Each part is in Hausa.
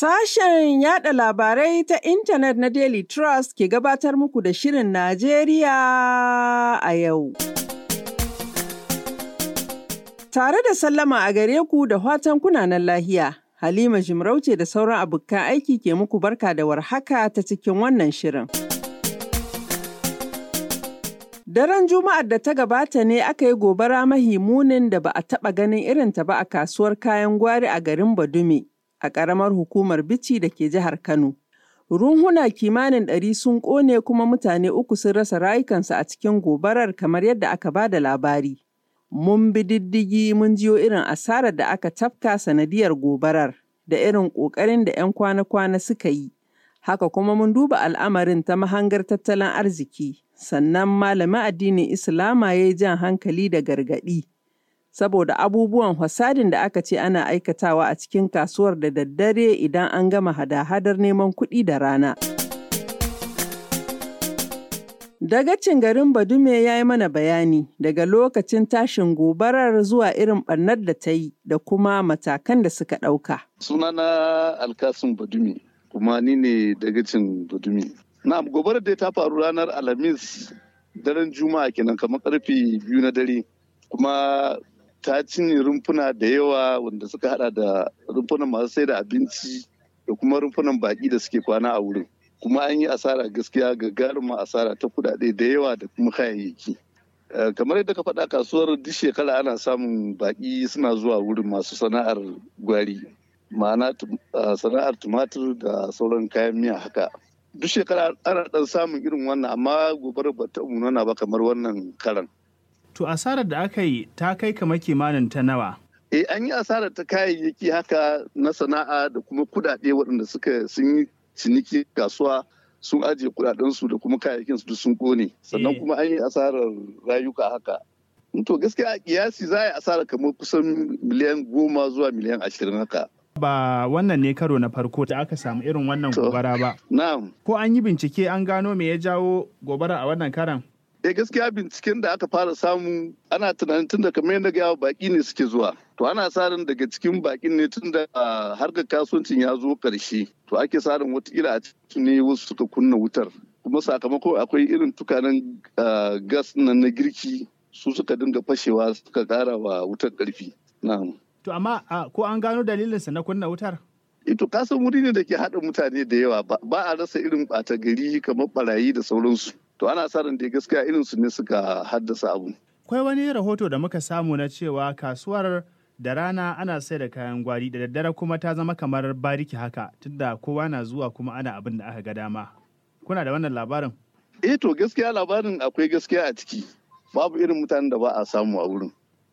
Sashen yada labarai ta intanet na Daily Trust ke gabatar muku da Shirin Najeriya a yau. Tare da sallama a gare ku da watan kunanan lahiya, Halima Jimarauce da sauran abokan aiki ke muku barka da warhaka ta cikin wannan shirin. Daren Juma'ar da ta gabata ne aka yi gobara mahimunin da ba a taɓa ganin irinta ba a kasuwar kayan gwari a garin Badume a ƙaramar hukumar Bichi da ke jihar Kano. Runhuna kimanin ɗari sun ƙone kuma mutane uku sun rasa rayukansu a cikin gobarar kamar yadda aka ba da labari. Mun bi diddigi mun jiyo irin asarar da aka tafka sanadiyar gobarar da irin ƙoƙarin da 'yan kwana-kwana suka yi. Haka kuma mun duba al'amarin ta mahangar tattalin arziki, sannan malamin addinin Islama ya yi jan hankali da gargaɗi. saboda abubuwan hasadin da aka ce ana aikatawa a cikin kasuwar da daddare idan an gama hada-hadar neman kuɗi da rana. Dagacin garin Badume ya yi mana bayani daga lokacin tashin gobarar zuwa irin ɓarnar da ta yi da kuma matakan da suka ɗauka. Sunana Alkasun Badume, kuma ni ne dagacin Badume. Na gobarar da ta faru ranar Alhamis daren Juma'a kenan kamar karfe biyu na dare. Kuma ta cinye rumfuna da yawa wanda suka hada da rumfunan masu sai da abinci da kuma rumfunan baki da suke kwana a wurin kuma an yi asara gaskiya ga gagarumin asara ta kudade da yawa da kuma kayayyaki eh, kamar yadda ka faɗa kasuwar duk shekara ana samun baki suna zuwa wurin masu sana'ar gwari ma'ana eh, sana'ar tumatir da sauran kayan miya haka duk shekara ana dan samun irin wannan amma gobara ba ta ba kamar wannan karan To asarar da aka yi ta kai kama kimanin ta nawa? Eh an yi asarar ta kayayyaki haka na sana'a da kuma kudade waɗanda suka sun yi ciniki kasuwa sun ajiye kudadensu da kuma kayayyakin su sun kone sannan eh. kuma an yi asarar rayuka haka. To gaskiya kiyasi za a yi asarar kamar kusan miliyan goma zuwa miliyan ashirin haka. ba wannan ne karo na farko da aka samu irin wannan gobara ba. Ko an yi bincike an gano me ya jawo gobara a wannan karan? da eh, gaskiya binciken da aka fara samu ana tunanin tun da kamar yadda gawa baki ne suke zuwa to ana sarin daga cikin bakin ne tun da ah, harkar kasuwancin ya zo karshe to ake sarin watakila a cikin ne wasu suka kunna wutar kuma sakamako akwai irin tukanen ah, gas nan na girki su suka dinga fashewa suka kara wa wutar karfi na'am to amma ah, ko an gano dalilinsa na kunna wutar ito eh, kasan wuri ne da ke haɗa mutane da yawa ba a rasa irin ɓata gari kamar barayi da sauransu to ana sa ran dai gaskiya irin su ne suka haddasa abu kwai wani rahoto da muka samu na cewa kasuwar da rana ana sai da kayan gwari da daddare kuma ta zama kamar bariki haka tunda kowa na zuwa kuma ana abin da aka ga dama kuna da wannan labarin eh to gaskiya labarin akwai gaskiya a ciki babu irin mutanen da ba a samu a wurin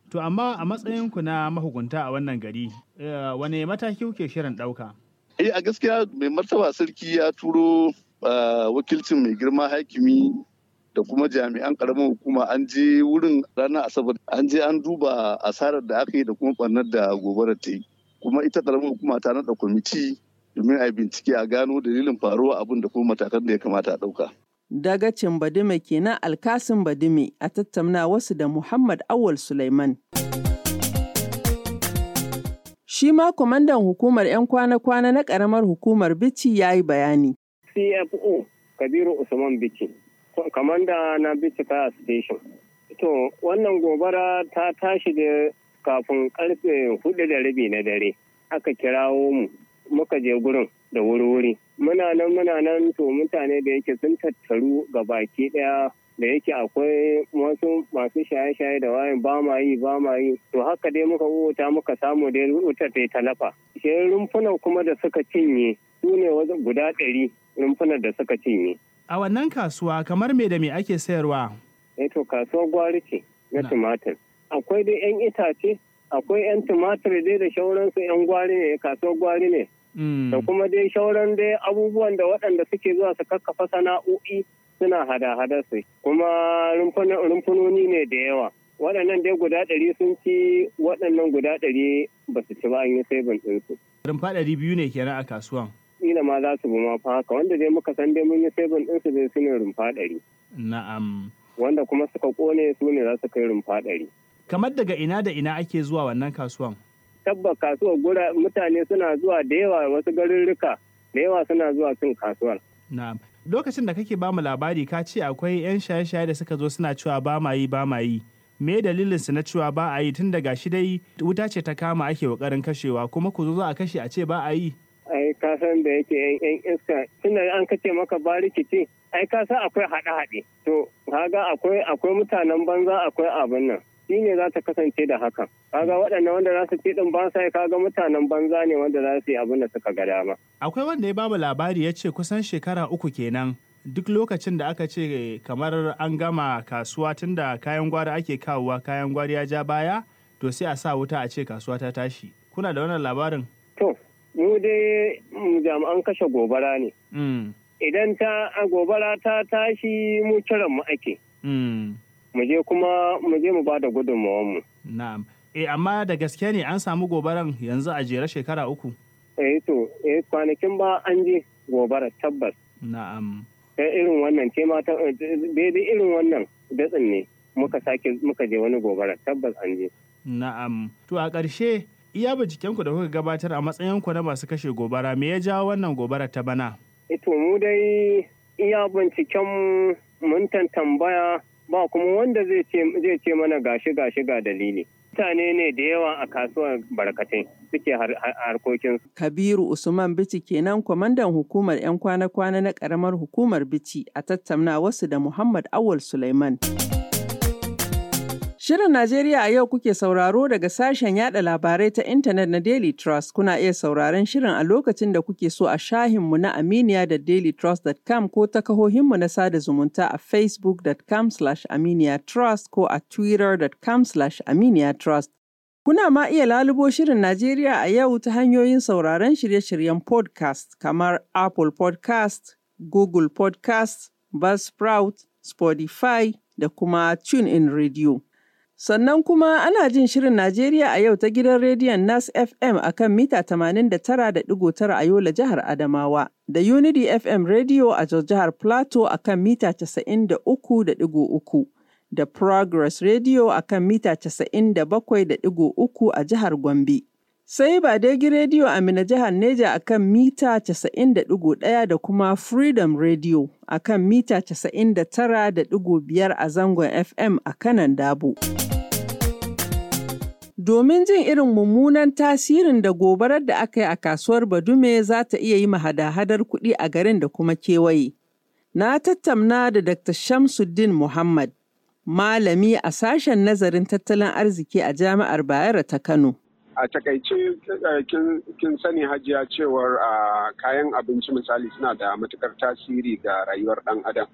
to amma a matsayinku na mahukunta a wannan gari eh, wane mataki kuke shirin ɗauka eh a gaskiya mai martaba sarki ya turo wakilcin mai girma hakimi da kuma jami'an karamin hukuma an je wurin ranar asabar an je an duba asarar da aka yi da kuma barnar da gobarar ta yi kuma ita karamin hukuma ta nada kwamiti domin a yi bincike a gano dalilin faruwa abin da kuma matakan da ya kamata a ɗauka. Dagacin badime kenan Alkasin badime a tattauna wasu da Muhammad Awal Sulaiman. Shi ma kwamandan hukumar 'yan kwana-kwana na karamar hukumar bici ya yi bayani. cfo kabiru usman biki kamanda na biki fire station to wannan gobara ta tashi da kafin karfe hudu da rabi na dare aka kirawo mu muka je gurin da wuri-wuri muna nan muna nan to mutane da yake sun tattaru ga baki daya da yake akwai wasu masu shaye-shaye da wayan ba ma yi ba ma yi to haka dai muka wuta muka samu dai wutar ta talafa shi rumfunan kuma da suka cinye su ne guda ɗari rumfunan da suka cinye. A wannan kasuwa kamar me da me ake sayarwa? Eto eh to kasuwar gwari ce na tumatir. Akwai dai 'yan itace, akwai 'yan tumatir dai da shauransu 'yan gwari ne, kasuwar gwari ne. Hmm. Da kuma dai shauran dai abubuwan da waɗanda suke zuwa su kakkafa sana'o'i suna hada-hada su. Kuma rumfunoni ne da yawa. Waɗannan dai guda ɗari sun ci waɗannan guda ɗari ba su ci ba an yi sabon ɗinsu. Rumfa ɗari biyu ne kenan a kasuwan. kila ma za su bi ma fa haka wanda dai muka san dai mun yi sabon din su dai sune rumfa ɗari. Na'am. Wanda kuma suka kone su ne za su kai rumfa ɗari. Kamar daga ina da ina ake zuwa wannan kasuwan? Tabba kasuwar gura mutane suna zuwa da yawa wasu garurruka da yawa suna zuwa cin kasuwar. Na'am. Lokacin da kake bamu labari ka ce akwai 'yan shaye-shaye da suka zo suna cewa ba ma yi ba ma yi. me dalilin su na cewa ba a yi tun daga shi dai wuta ce ta kama ake kokarin kashewa kuma ku zo a kashe a ce ba a yi ai ka san da yake yan iska tunda an kace maka bariki ai ka san akwai haɗe haɗe to kaga akwai akwai mutanen banza akwai abin nan shi ne za ta kasance da haka kaga waɗannan wanda za su ce din ba sai kaga mutanen banza ne wanda za su yi abin da suka ga dama akwai wanda ya ba mu labari ya ce kusan shekara uku kenan duk lokacin da aka ce kamar an gama kasuwa tunda kayan gwari ake kawowa kayan gwari ya ja baya to sai a sa wuta a ce kasuwa ta tashi kuna da wannan labarin to mu dai jami'an kashe gobara ne mm. idan ta gobara ta tashi mu kiran mu ake mm. mu je kuma mu je mu ba da mu na'am eh amma da gaske ne an samu gobaran yanzu a jere shekara uku eh to eh kwanakin ba an je gobara tabbas na'am sai eh, irin wannan ce mata eh, daidai irin wannan datsin ne muka sake muka je wani gobara tabbas an je na'am to a ƙarshe iya bincikenku da kuka gabatar a matsayinku na masu kashe gobara me ya jawo wannan gobara ta bana? Ito mu dai iya binciken mun tambaya ba kuma wanda zai ce mana gashi gashi ga dalili. Mutane ne da yawa a kasuwar barkatai suke harkokin. Kabiru Usman Bici kenan kwamandan hukumar 'yan kwana-kwana na karamar hukumar Bici a tattauna wasu da Muhammad Awal Suleiman. Shirin Najeriya a yau kuke sauraro daga sashen yada labarai ta intanet na Daily Trust. Kuna iya sauraron shirin a lokacin da kuke so a shahinmu na Aminiya da dailytrust.com ko ta kahohinmu na sada zumunta a facebook.com slash aminiyatrust ko a twitter.com slash aminiyatrust. Kuna ma iya lalubo shirin Najeriya a yau ta hanyoyin sauraron shirye-shiryen podcast kamar Apple podcast, Google podcast, Buzzsprout, Spotify da kuma TuneIn Radio. Sannan kuma ana jin shirin Najeriya a yau ta gidan rediyon Nas FM a kan mita 89.9 a Yola jihar Adamawa da Unity FM Radio a jihar Plateau a kan mita 93.3 da Progress Radio a kan mita 97.3 a jihar Gombe. Sai ba Badegi rediyo a Mina jihar Neja a kan mita 90.1 da kuma Freedom Radio a kan mita 99.5 a zangon FM a kanan Dabo. Domin jin irin mummunan tasirin da gobarar da aka yi a kasuwar Badume za ta iya yi hada-hadar kuɗi a garin da kuma kewaye. Na tattamna da Dr. Shamsuddin Muhammad, malami a sashen nazarin tattalin arziki a Jami'ar Bayero ta Kano. a takaice eh, kin sani hajiya cewar ah, kayan abinci misali suna da matukar tasiri ga rayuwar dan adam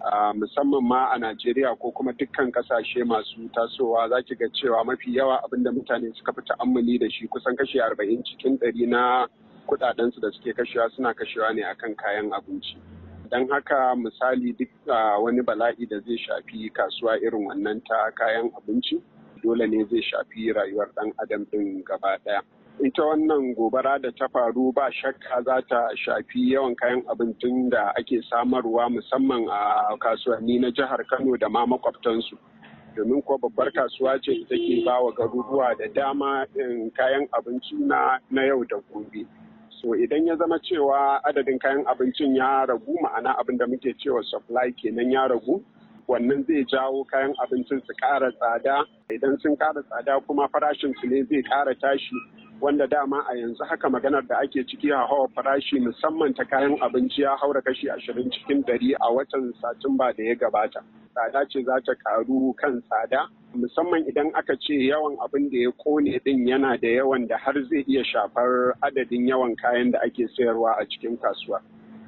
ah, musamman ma a najeriya ko kuma dukkan kasashe masu tasowa za ki ga cewa mafi yawa abinda mutane suka fi ta'ammali da shi kusan kashe arba'in cikin ɗari na kudadensu da suke kashewa suna kashewa ne akan kayan abinci don haka misali duk ah, wani bala'i da zai shafi kasuwa irin wannan ta kayan abinci dole ne zai shafi rayuwar ɗan adam ɗin gaba ɗaya. ita wannan gobara da ta faru ba shakka za ta shafi yawan kayan abincin da ake samarwa musamman a kasuwanni na jihar kano da ma makwabtansu domin kuwa babbar kasuwa ce ita ke ba wa garuruwa da dama eh, kayan abinci na yau da gobe so idan ya zama cewa adadin kayan abincin ya ragu ma'ana abin da muke cewa supply kenan ya ragu wannan zai jawo kayan abincin su ƙara tsada idan sun ƙara tsada kuma farashin su ne zai ƙara tashi wanda dama a yanzu haka maganar da ake ciki a hawa farashi musamman ta kayan abinci ya haura kashi ashirin cikin dari a watan satumba da ya gabata tsada ce za ta karu kan tsada musamman idan aka ce yawan abin da ya kone din yana da yawan da har zai iya shafar adadin yawan kayan da ake sayarwa a cikin kasuwa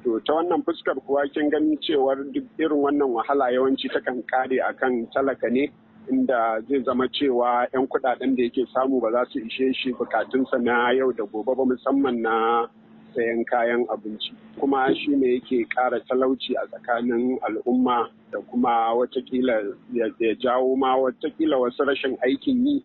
To ta wannan fuskar kuwa kin gani cewar duk irin wannan wahala yawanci ta takan kare kan talaka ne inda zai zama cewa 'yan kudaden da yake samu ba za su ishe shi bukatunsa na yau da gobe ba musamman na sayan kayan abinci kuma shi ne yake kara talauci a tsakanin al'umma da kuma watakila ya jawo ma watakila wasu rashin aikin yi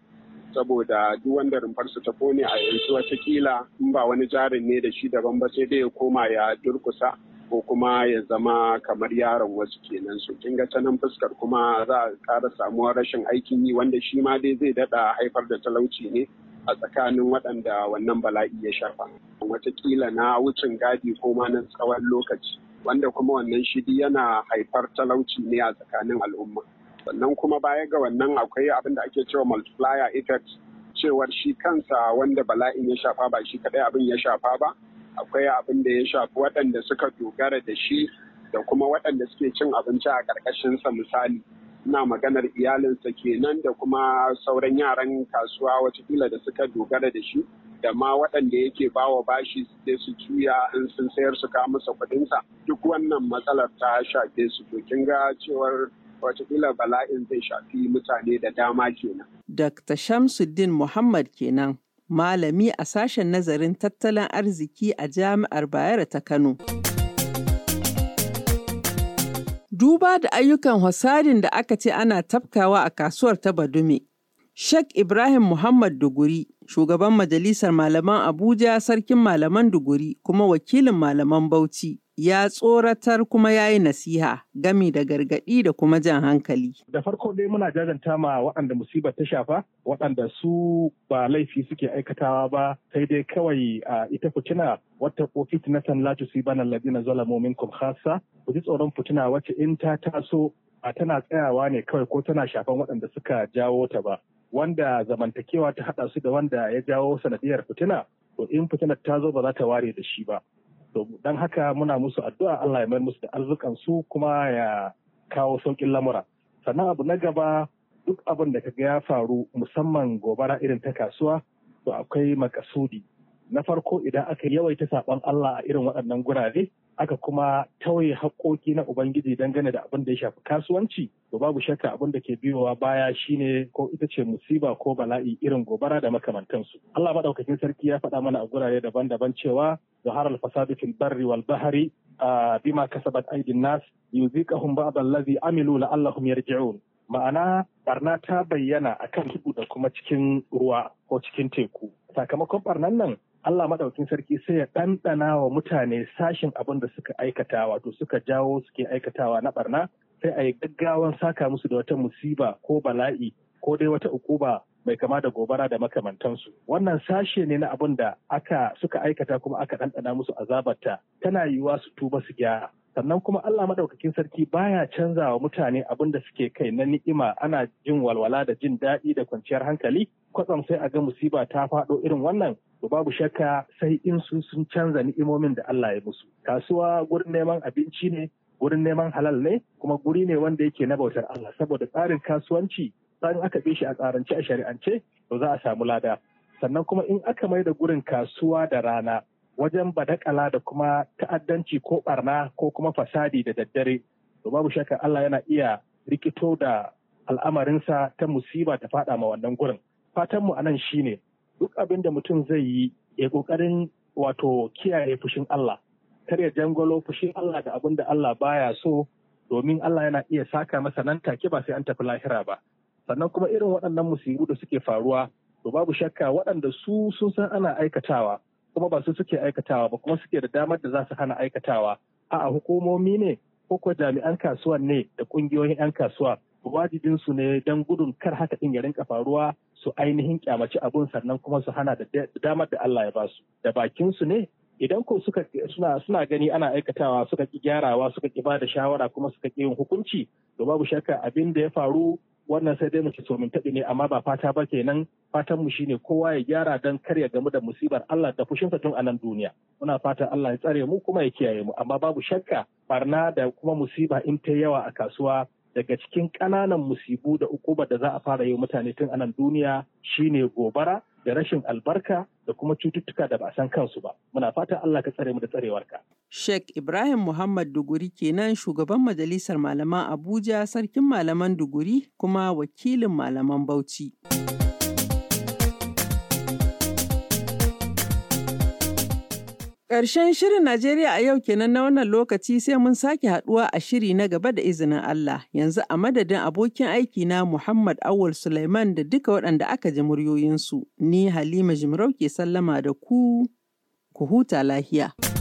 saboda duk wanda rumfarsa ta kone a yanzu watakila in ba wani jarin ne da shi daban ba sai dai ya koma ya durkusa ko kuma ya zama kamar yaron wasu kenan su kin ga nan fuskar kuma za a ƙara samuwar rashin aikin yi wanda shi ma dai zai daɗa haifar da talauci ne a tsakanin waɗanda wannan bala'i ya shafa watakila na wucin gadi ko ma na tsawon lokaci wanda kuma wannan shidi yana haifar talauci ne a tsakanin al'umma. sannan kuma baya ga wannan akwai abin da ake cewa multiplier effect cewar shi kansa wanda bala'in ya shafa ba shi kadai abin ya shafa ba akwai abin da ya shafi waɗanda suka dogara da shi da kuma waɗanda suke cin abinci a ƙarƙashinsa misali ina maganar iyalinsa kenan da kuma sauran yaran kasuwa watakila da suka dogara da shi da ma waɗanda yake bawa bashi sai su juya in sun sayar su kawo masa kuɗinsa duk wannan matsalar ta shafe su to kin ga cewar watakila bala'in zai shafi mutane da dama kenan. Dr. Shamsuddin Muhammad kenan, malami a sashen nazarin tattalin arziki a Jami'ar Bayero ta Kano. Duba da ayyukan hasarin da aka ce ana tafkawa a kasuwar ta Badume, Sheikh Ibrahim Muhammad Duguri shugaban majalisar malaman Abuja sarkin malaman Duguri kuma wakilin malaman Bauchi ya tsoratar kuma ya yi nasiha gami da gargaɗi da kuma jan hankali. Da farko dai muna jajanta ma waɗanda musibar ta shafa waɗanda su ba laifi suke aikatawa ba sai dai kawai a ita fitina wata na San la banan ladina zalamu minkum khassa ku ji tsoron fitina wacce in ta taso a tana tsayawa ne kawai ko tana shafan waɗanda suka jawo ta ba wanda zamantakewa ta hada su da wanda ya jawo sanadiyar fitina to in fitinar ta zo ba za ta ware da shi ba don haka muna musu addu'a Allah ya mai musu da arzukan su kuma ya kawo saukin lamura sannan abu na gaba duk abin da kaga ya faru musamman gobara irin ta kasuwa to akwai makasudi na farko idan aka yawaita saɓon Allah a irin waɗannan gurare aka kuma tauye haƙoƙi na Ubangiji dangane da abin da ya shafi kasuwanci to babu shakka abin da ke biyowa baya shine ko ita ce musiba ko bala'i irin gobara da makamantansu. Allah maɗaukakin sarki ya faɗa mana a gurare daban-daban cewa ظهر الفساد في البر والبحر بما كسبت Nas, الناس يذيقهم بعض الذي عملوا لعلهم yarji'un ma'ana barna ta bayyana akan tudu da kuma cikin ruwa ko cikin teku sakamakon barnan nan Allah maɗaukin sarki sai ya ɗanɗana wa mutane sashin abin da suka aikata wato suka jawo suke aikatawa na barna sai a yi gaggawan saka musu da wata musiba ko bala'i ko dai wata ukuba mai kama da gobara da makamantansu wannan sashe ne na abin da aka suka aikata kuma aka ɗanɗana musu azabarta tana yiwuwa su tuba su gyara sannan kuma Allah madaukakin sarki baya canza wa mutane abin da suke kai na ni'ima ana jin walwala da jin daɗi da kwanciyar hankali kwatsam sai a ga musiba ta faɗo irin wannan to babu shakka sai in su sun canza ni'imomin da Allah ya musu kasuwa gurin neman abinci ne gurin neman halal ne kuma guri ne wanda yake na bautar Allah saboda tsarin kasuwanci tsarin aka bi shi a tsarance a shari'ance to za a samu lada sannan kuma in aka mai da gurin kasuwa da rana wajen badakala da kuma ta'addanci ko barna ko kuma fasadi da daddare to babu shakka Allah yana iya rikito da al'amarinsa ta musiba ta fada ma wannan gurin fatan mu anan shine duk abin da mutum zai yi ya kokarin wato kiyaye fushin Allah kar ya jangolo fushin Allah da abin da Allah baya so domin Allah yana iya saka masa nan take ba sai an tafi lahira ba sannan kuma irin waɗannan musibu da suke faruwa to babu shakka waɗanda su sun san ana aikatawa kuma ba su suke aikatawa ba kuma suke da damar da za su hana aikatawa a'a hukumomi ne ko ko jami'an kasuwan ne da kungiyoyin 'yan kasuwa wajibin su ne don gudun kar haka ɗin ya rinka faruwa su ainihin kyamaci abun sannan kuma su hana da damar da Allah ya ba su da bakin su ne idan ko suka suna suna gani ana aikatawa suka ki gyarawa suka ki ba da shawara kuma suka ki yin hukunci to babu shakka abin da ya faru wannan sai dai muke so mun taɓi ne amma ba fata ba kenan fatan mu shine kowa ya gyara dan kar ya gamu da musibar Allah da fushinsa tun a nan duniya muna fata Allah ya tsare mu kuma ya kiyaye mu amma babu shakka barna da kuma musiba in ta yawa a kasuwa daga cikin ƙananan musibu da ukuba da za a fara yi mutane tun a nan duniya shine gobara da rashin albarka da kuma cututtuka da ba a san kansu ba. Muna fatan Allah ka tsare mu da tsarewarka. Sheikh Ibrahim Muhammad Duguri kenan shugaban majalisar malaman Abuja sarkin malaman Duguri kuma wakilin malaman Bauchi. Ƙarshen shirin Najeriya a yau kenan na wannan lokaci sai mun sake haɗuwa a shiri na gaba da izinin Allah. Yanzu a madadin abokin aiki na Muhammad Awul Sulaiman da duka waɗanda aka ji muryoyinsu, ni Halima Jimarau ke sallama da ku, ku huta lahiya.